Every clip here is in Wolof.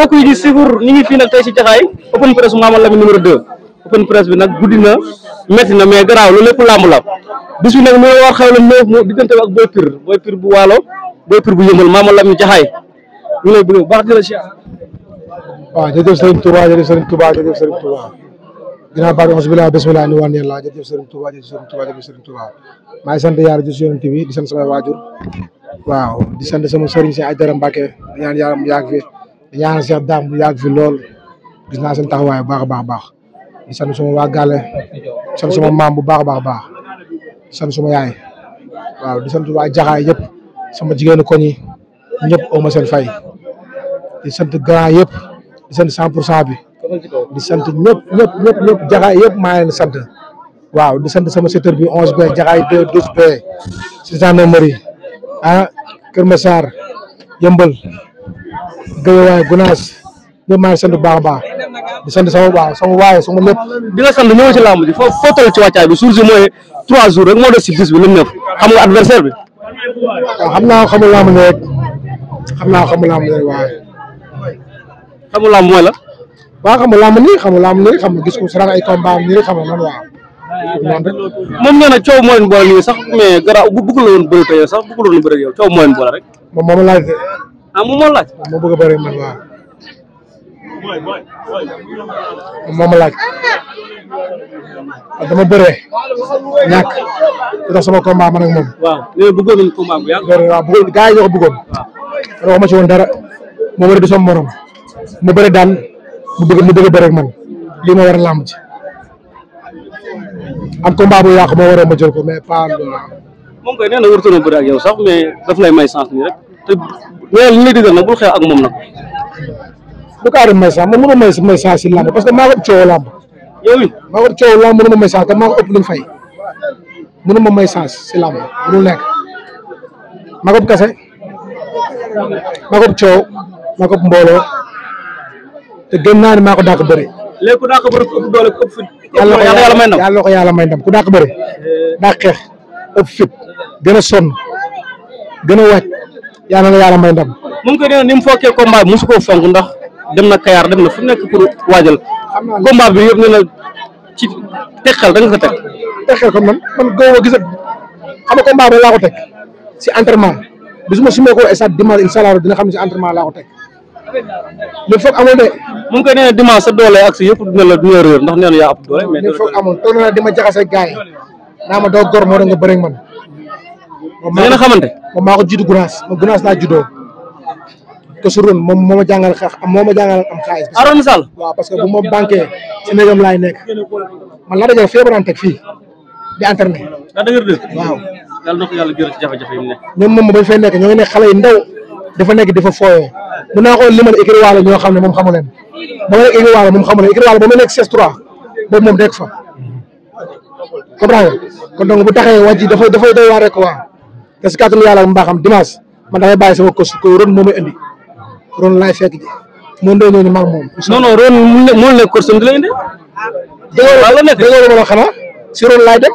mbokk yi di suivre ñu ngi fii nag tey si Jaxaay open press Mama Lamine numéro 2 open press bi nag guddi na métti na mais garaaw loolu lépp làmb la bis bi nag mu war xew la mu diggante ak Boy Pire Boy Pire bu waalo Boy Pire bu yëngal Mama Lamine la si waaw jërëjëf Serigne Touba jërëjëf Serigne Touba jërëjëf Serigne Touba ginnaaw baat onze bilaa bismillah ni waan yàlla jërëjëf Serigne Touba jërëjëf Serigne Touba jërëjëf Serigne sant yàlla jërëjëf Yonent bi di sant samay waajur waaw di sant sama sëriñ si Aïdara Mbacke ñaan yàlla mu fi ñaan ci Dame bu yag fi lool gis na seen taxaway bu baax baax baax di sant suma wa galé sant suma mam bu baax baax baax sant suma yaay waaw di sant wa jaxay yépp sama jigéenu koñi yi ñëpp aw ma seen fay di sant grand yépp di sant 100% bi di sant ñëpp ñëpp ñëpp ñëpp jaxay yépp ma leen sant waaw di sant sama secteur bi 11 b jaxay deux douze b si gendarmerie ah Kër Massar Guèye Gunaas ñoom maa ngi sant bu baax a baax di sant sama baax sama waaye sama lépp. di la sant ñëw ci làmb ji foo foo ci wàccaay bi suuf si mooy trois jours rek moo des ci bis bi lu neuf xam nga adversaire bi. waaw xam naa xamul làmb rek xam naa xamul làmb rek waaye. xamul làmb mooy la. waaw xamul làmb nii xamul làmb nii xam nga gis ko si ay combat am nii xam nga noonu waaw. moom nee na coow moo leen boole sax mais garaaw bu bëgg la woon bëri tey sax bëgg la woon bëri yow coow Amumolaj. Mo bëgg bëri man waaw. moom laaj dama bëree ñàkk di tax sama combat man ak moom. waaw léegi bëggoon nañu combat bu yàgg. waaw bëggoon gars yi ñoo ko bëggoon. waaw waxuma ci woon dara moo bëri di sama morom mu bëri daan mu bëgg mu bëgg a bëri ak man lii ma war a ci am combat bu yàqu moo waroon ma jël ko mais pas. moom kay nee na na bëri ak yow sax mais daf lay may chance nii rek. te loolu li lay digal nag bul xeex ak moom nag. bu ko aaree may sax man mënoo may may sax si làmb parce que maa ko ëpp coow làmb. yow it maa ko ëpp coow làmb mënuma may sax te maa ko ëpp luñ fay mënuma may sax si làmb mënul nekk maa ko ëpp kase maa ko ëpp coow maa ko ëpp mbooloo te gën naa ne maa ko dàq bëri. léegi ku dàq bëri ku ëpp doole ku ëpp fit. yàlla ko yàlla may ndam yàlla ko yàlla may ndam ku dàq bëri eh. dàq xeex ëpp fit gën a sonn gën a wàcc. yàlla na yàlla may ndam mu ngi koy nee mu fokkee combat bi mosu koo fonk ndax dem na Kayar dem na fu nekk pour waajal combat bi yëpp ne na ci teqal da nga ko teg teqal ko man man góob gis ak xam nga combat bi laa ko teg si entraînement bisuma ko stade dimanche incha allah dina xam ne si entraînement laa ko teg li foog amul de mu ngi koy nee dimanche sa doole ak si yëpp dina la dina ndax nee na yaa ëpp doole mais li foog amul toog na dima jaxase gars yi naa ma doo gor moo da nga bëri man da ngeen a xamante moom maa ko jiitu Gunaas ma Gunaas laa juddoo te su ron moom moo ma jàngal xeex moo ma jàngal am xaalis Arona Sall waaw parce que bu ma banqué si néegam laay nekk man laa dajal feebaram teg fii di internet laa dëgër waaw yàlla na ko yàlla gërëm ci jafe-jafe yi mu nekk moom ma nekk ñoo ngi nekk xale yi ndaw dafa nekk dafa fooyoo mun na ko limal écrit waalo ñoo xam ne moom xamu leen ba ma waalo moom xamu leen écrit waalo ba ma nekk CS3 boobu moom dekk fa comprendre nga kon donc bu taxee wàcc dafay dafay doy waar rek te si kàttanu yàlla mbaaxam dimanche man damay bàyyi sama kos ko ron moo may ron laay fekk ji moom day ñëw ni mag ron mu ne mu ne kos di la indi. la nekk déggoo si ron laay dem.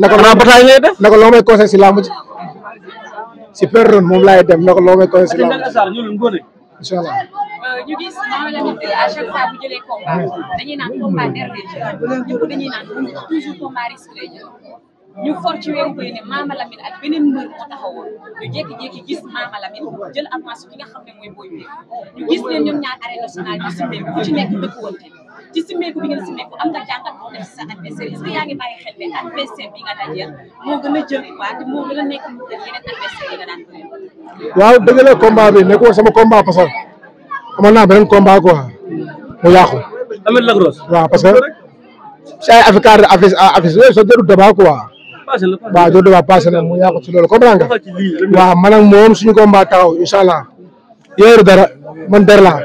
naka la bataay ngay def naka loo may si làmb si per ron moom laay dem naka loo may conseil si làmb ñu for ci weeru koy ne Mama Lamine ak beneen mbër moo taxawoon ñu jékki-jékki gis Mama Lamine jël avance ki nga xam ne ci nekk dëkkuwante ci simmeeku am nga jàngat boo def sa adversaire est-ce que ne adversaire bi nga dajeel moo gën a jël waat moo a nekk lu gën nga daan bëri waaw dëgg combat bi nekkul sama combat parce que amoon naa combat quoi mu yàqu waaw parce que si ay affaire waaw doo doo ba passé na mu yàqu ci loolu comprendre nga waaw man ak moom suñu allah dara man der laa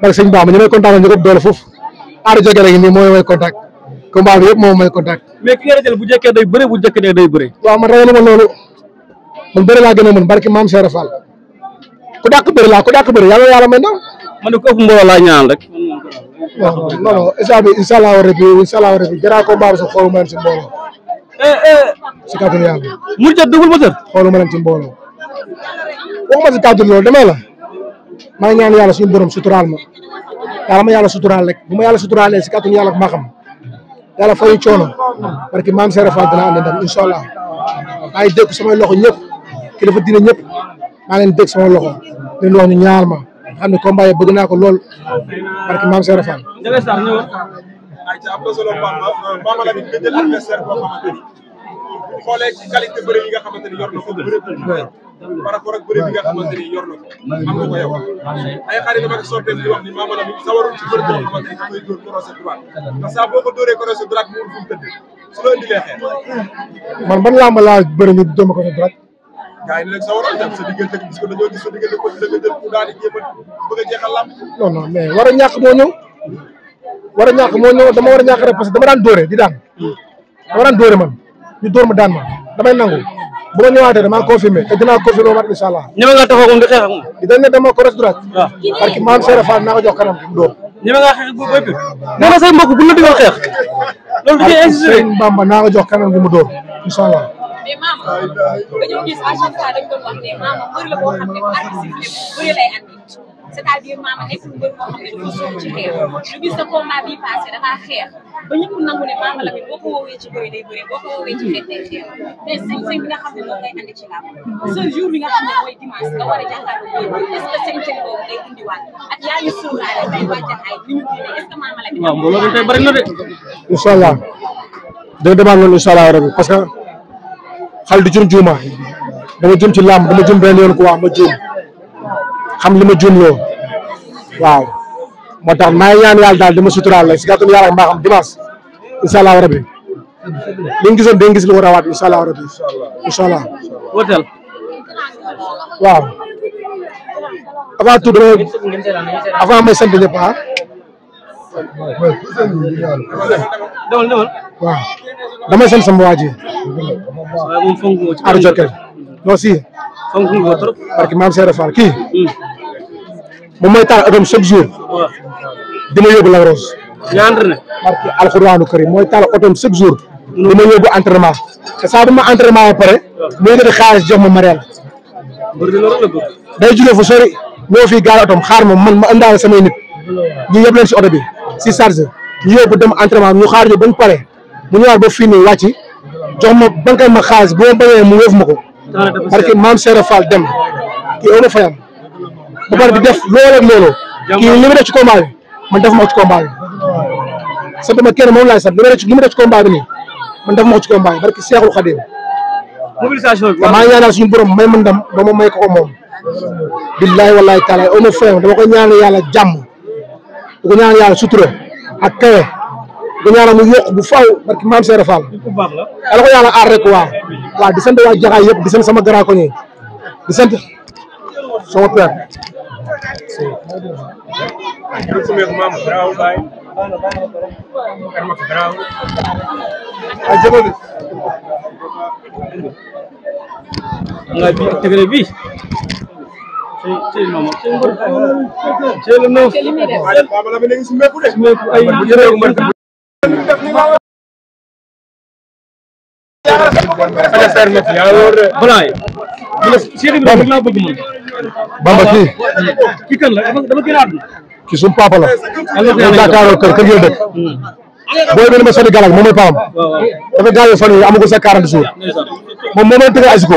parce que sëñ Ba contact ñu ko doole foofu aar jege rek nii mooy may contact combat bi yëpp moom may contact. mais ki nga jël bu jëkkee day bëre bu jëkkee day bëre. waaw man ragaluma loolu man bëre laa gën a barki maam Seera Fall ku dàq bëre laa ku may ndaw. man ko ñaan rek. non non allah rabi incha allah rabi jëlaat combat bi si kàttanu yàlla. Mouride Double Moteur. xooluma leen ci mbooloo waxuma si kàttanu loolu demee la maa ngi ñaan yàlla suñu borom suturaal ma yàlla ma yàlla suturaal rek bu ma yàlla suturaalee si kàttanu yàlla maa xam yàlla fayu coono parce que maam Seera Fall dinaa andi ndam incha allah maa ngi dégg samay loxo ñëpp kilifa diine maa leen dégg sama loxo leen wax ñu ñaar ma xam ne combat yi bëgg naa ko lool parce que maam Seera Fall. xoolee ci qualité bëre yi nga xamante yor na ko bëre par rapport ak nga yor na am nga yow ay xarit dama ko sortee di wax ni maa maanaam sawarul ci bëre boo xamante koy dóor croisé droite ndax saa boo ko dóoree croisé mu fu mu su la indilee xeer man ban làmb laa bëre ñu dóor ma croisé droite gaa yi nag sawarul sa diggante gis ko dañoo gis sa ko daal di bëgg non non mais dama rek parce que dama daan di daan dama daan man ñu dóor ma daan ma damay nangu bu ma ñëwaatee damaa confirmé te dinaa confirmé waat incha allah. ñeme nga taxaw moom di xeex ak moom. di dañ ne dama ko restaurant. waaw parce que maam Serap Fall naa jox kanam mu dóor. ñeme nga xeex na say mbokk bu Bamba naa jox kanam gi mu dóor incha allah. mais c'est-à-dire maama nekkul mbër ci xeex ñu ci bëri day bëree boo allah dama demaat noonu incha allah rabbi parce que xal du jëm dama jëm ci làmb dama jëm benn yoon ko wax ma jëm xam li ma juumloo waaw moo tax maa ngi ñaan yàlla daal dama suturaal la allah rabi li ñu gisoon dañ gis lu ko rabi incha allah. waaw avant tout damay avant may sant ñëpp ah. waaw damay sant sama waa ji. waaw moom si. fonk maam Seere Fall kii. Hmm. moom mooy taal otoom chaque jour. dima yóbbu Lac Rose. nga entraîné. barke alxuraanu karim mooy taal otoom chaque jour. Mm. dima yóbbu entraînement. te saa bu ma entraînement ba pare. mu yëkkati xaalis jox ma mareel. day jugee sori. ñoo fi gaal otoom xaar ma man ma indaale samay nit. ñu yóbbu leen si oto bi si charge ñu yóbbu dem entraînement ñu xaar ñu bañ pare mu ñëwaat ba fii nii wàcc jox ma bankal ma xaalis bu ma bañee mu wéef ma ko. parce que maam Serap Fall dem kii oo fayam. ba di def loolu ak loolu kii li mu def ci combat bi man def ma ko ci combat bi sant ma kenn moom laay sant li mu def ci li mu def ci combat bi nii man def ma ko ci combat bi barki Seexul Xadim mobilisation bi maa ngi ñaanal suñu borom may ma ndam ba ma may ko ko moom billahi wallahi taala on est frère dama ko ñaanal yàlla jàmm di ko ñaanal yàlla sutura ak kawe ko ñaanal mu yokk bu faaw barki maam Seere Fall ala ko yàlla aar rek waaw waaw di sant waa Jaxaay yëpp di sant sama grand koñi di sant sama père nga bi tegere bi cey cey mama cey le neuf ay yére yu mën Balaay Bamba Bamba kii. kii kan la dama a àdduna. kii suñu la. ñu jàkkaarloo kër kër gi la dëkk. booy bi ni ma sori galak moom mooy paam. dafa gaañoo fan yii amagul sa 40 jours. moom moo may tëgg asiko.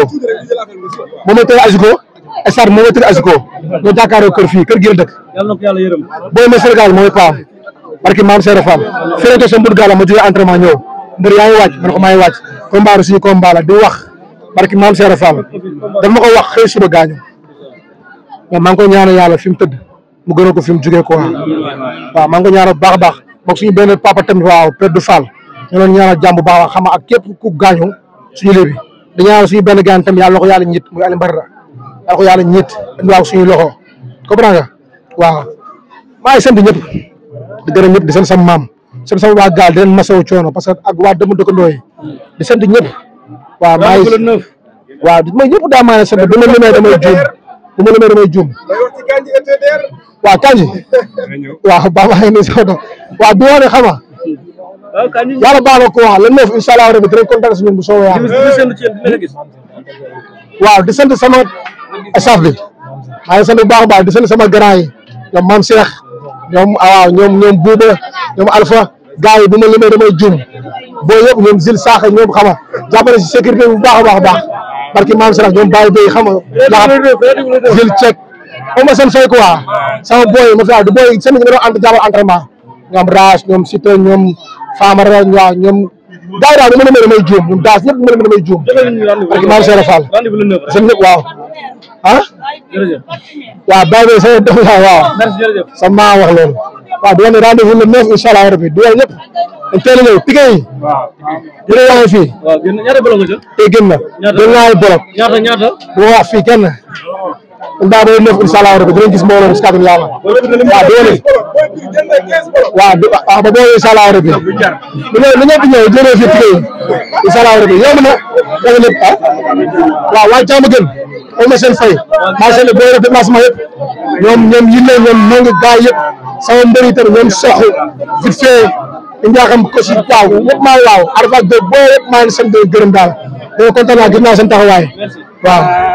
moo may tëgg asiko. estar moo may tëgg asiko. ñu jàkkaarloo kër fii kër gi la dëkk. booy ma sori galak moom mooy paam. parce que maam Seydou Fall. fii la toog sa mbir ma jógee entraînement ñëw. mbir yaa ngi waaj man ko waaj. combat suñu di wax. barki maam Seera Fall daf ma ko wax xëy suba gaañu mais maa ngi ko ñaanal yàlla fi mu tëdd mu gën ko fi mu jugee quoi waaw maa ngi ko ñaanal baax a baax moom suñu benn papa tamit waaw Père de Fall ñu doon ñaanal jàmm bu baax a ak képp ku gaañu suñu lébi di ñaanal suñu benn gaañ tamit yàlla na ko yàlla ñit muy Aliou Mbarra yàlla ko yàlla ñit loxo comprendre nga ngi sant ñëpp di gërëm ñëpp di sant sama maam sant sama waa gaal di leen masawu coono parce que ak waa dëmm dëkkandoo yi di sant ñëpp waaw maa ngi bu ma limee damay juum bu ma limee damay juum waaw Kandji waaw baax na ni sax waaw bi wax ne xam nga ko wax le neuf incha allah rabi dinañ kontaan bu soobee waaw di sant sama staff bi maa ngi sant baax a di sant sama grand yi ñoom maam Cheikh ñoom ah, waaw ñoom ñoom yi bu ma limee damay juum booy yëpp zil saaxa ñoom xama jàppale si sécurité bu baax a baax a baax parce que maam Serap ñoom xama zil cek oma seen fay quoi sama booy ma fi du booy seen nga doon ànd jàppal entraînement ñoom raas ñoom site ñoom faamara ñoom ñoom daay daal bu ma demee damay juum ñoom daas ñëpp bu ma demee damay juum parce que maam Serap Fall waaw ah waaw bàyyi bay sama doom la waaw sama wax ne rendez-vous le neuf incha allah rabbi di wax dañ teel a ñëw piqué yi. waaw bu dee yaa ngi fii. waaw gën ñaata bolok nga jël. gën na. ñaata gën naa bolok. ñaata ñaata. bu ma wax fii kenn. kon daa booy neuf incha allah rabbi bi si kàddu yàlla. waaw doole. waaw du waaw ba booy incha allah rabbi. gën. am fay. maa seen booy def déplacement ñoom ñoom ñoom nangu gaay yëpp sama mbër ñoom soxu vite fait njaaxam ko si taaw ñëpp maa waaw Arafat Diop boo yëpp maa ngi sant gërëm daal dama kontaan naa gis naa seen taxawaay waaw